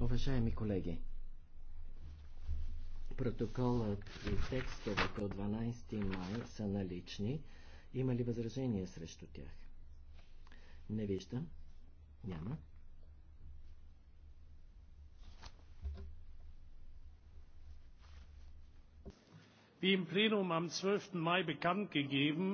Уважаеми колеги, протоколът и текстовете от 12 май са налични. Има ли възражения срещу тях? Не виждам. Няма. Wie im Plenum am 12. Mai bekannt gegeben,